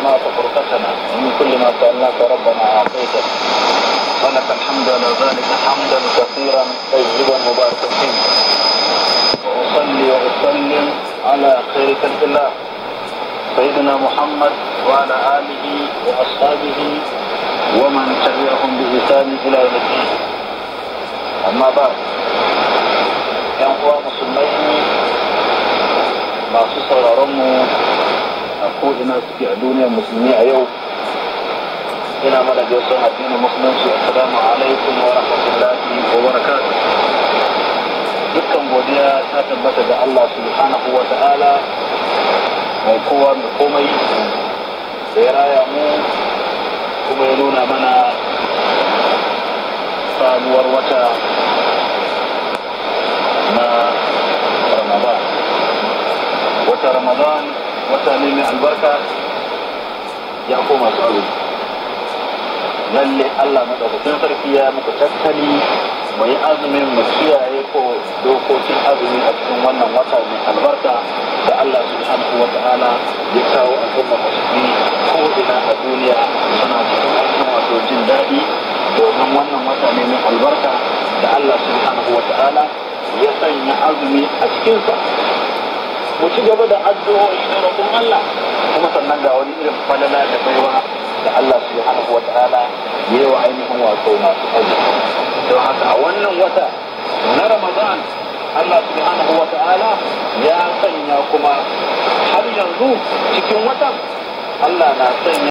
جمعت فرقتنا من كل ما سألناك ربنا أعطيته ولك الحمد على ذلك حمدا كثيرا طيبا مباركا فيه وأصلي وأسلم على خير خلق الله سيدنا محمد وعلى آله وأصحابه ومن تبعهم بإحسان إلى يوم الدين أما بعد يا ‘yan uwa musulmai masu رمو ko ina suke a duniyar musulmi a yau ina mana gaisuwar addinin musulunci assalamu alaikum wa rahmatullahi wa barakatuh dukkan godiya ta tabbata ga Allah subhanahu wa ta'ala mai kowa mai komai da ya raya mu kuma ya nuna mana sabuwar wata na ramadan wata ramadan wata mai albarka ya koma su aure lalle Allah madaukakin sarki ya muku tattali mu yi azumin mu kiyaye ko dokokin azumi a cikin wannan wata mai albarka da Allah subhanahu wa ta'ala ya kawo al'umma musulmi ko ina a duniya suna cikin cikin wato jin daɗi domin wannan wata ne mai albarka da Allah subhanahu wa ta'ala ya sanya azumi a cikinsa mu ci gaba da addu'o'i da roƙon Allah kuma sannan ga wani irin falala da baiwa da Allah subhanahu wa ta'ala yayi wa ainihin wato masu kai don haka a wannan wata na Ramadan Allah subhanahu wa ta'ala ya sanya kuma har yanzu cikin watan Allah na sanya